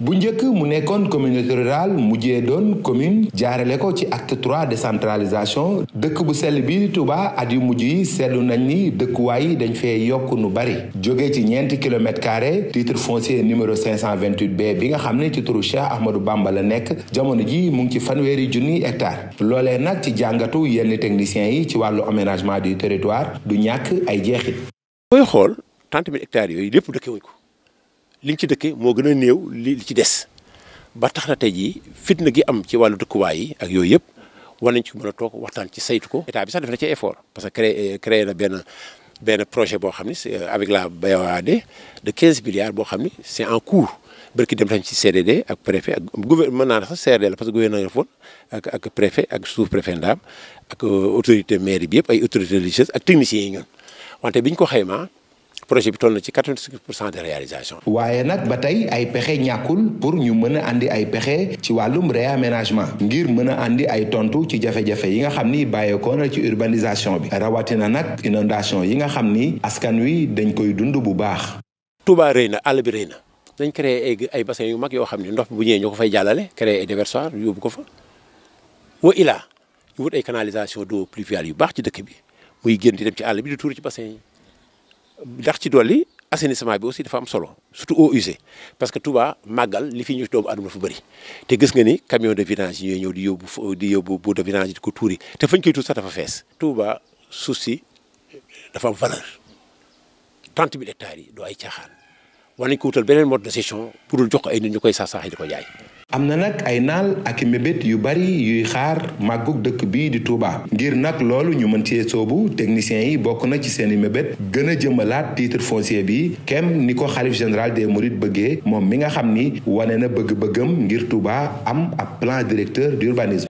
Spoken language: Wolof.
bu njëkk mu nekkoon communauté rural mujjee doon commune jaarale ko ci acte 3 décentralisation dëkk bu sell bi tubaa at yu mujj yi seetlu nañ ni dëkkuwaay yi dañ fee yokk nu bari jóge ci ñeenti kilomètres carré titre foncier numéro 528B bi nga xam ne ci turu Cheikh Ahmadou Bamba la nekk jamono ji mu ngi ci fanweeri junniy hectare loolee nag ci jàngatu yenn technicien yi ci wàllu aménagement du territoire du ñàkk ay jeexit. booy xool 30 000 hectares yooyu lépp dëkkewuñ ko. liñ ci dëkke moo gën a néew li ci des ba tax na tey jii fitna gi am ci wàllu dëkkuwaay yi ak yooyu yëpp war nañ ci mën a toog waxtaan ci saytu ko état bi sax def na ci effort parce que crée euh, créé na benn benn projet boo xam ni euh, avec la BOAD de 15 milliards boo xam ni c'est en cours bërki dem tañ ci CDD ak préfet ak gouvernement naa sax CRD la parce que gouverneur foon ak ak préfet ak sous préfet ndaam ak euh, autorité mairie bi yëpp ay autorités religieuses ak techniciens yi ñun wante biñ ko xaymaa projet bi toll na ci 85 pour cent de réalisation. waaye nag ba tey ay pexe ñàkkul pour ñu mën a andi ay pexe ci wàllum réaménagement ngir mën a andi ay tontu ci jafe-jafe yi nga xam ni bàyyeekoo na ci urbanisation bi rawatina nag inondation yi nga xam ni askan wi dañ koy dund bu baax. Touba rëy na àll bi rëy na dañ créé ay ay bassin yu mag yoo xam ne ndox bu ñëwee ñu ko fay jàllale créé ay déversoir yóbbu ko fa woo ilaa ñu wut ay canalisation d'eau pluviale yu baax ci dëkk bi àll bi di ndax ci dolli assainissement bi aussi dafa am solo surtout eaux usées parce que Touba màggal li fi ñu doomu adama dafa bëri te gis nga ni camion de vidange yi ñooy ñëw di yóbbu di yóbbu bout de vidange di ko tuuri te fañ koy tuur sax dafa fees. Touba suuf si dafa am valeur trente mille hectares yi doo ay caaxaan war nañ ko wutal beneen mode de gestion pour jox ay nit ñu koy saax saax di ko jaay. am na nag ay naal ak mébét yu bari yuy xaar màggug dëkk bii di Touba ngir nag loolu ñu mën cee soobu techniciens yi bokk na ci seeni mébét gën a jëmalaat titre foncier bi kem ni ko xalif général des mourides bëggee moom mi nga xam ni wane na bëgg-bëggam ngir Touba am ab plan directeur d'urbanisme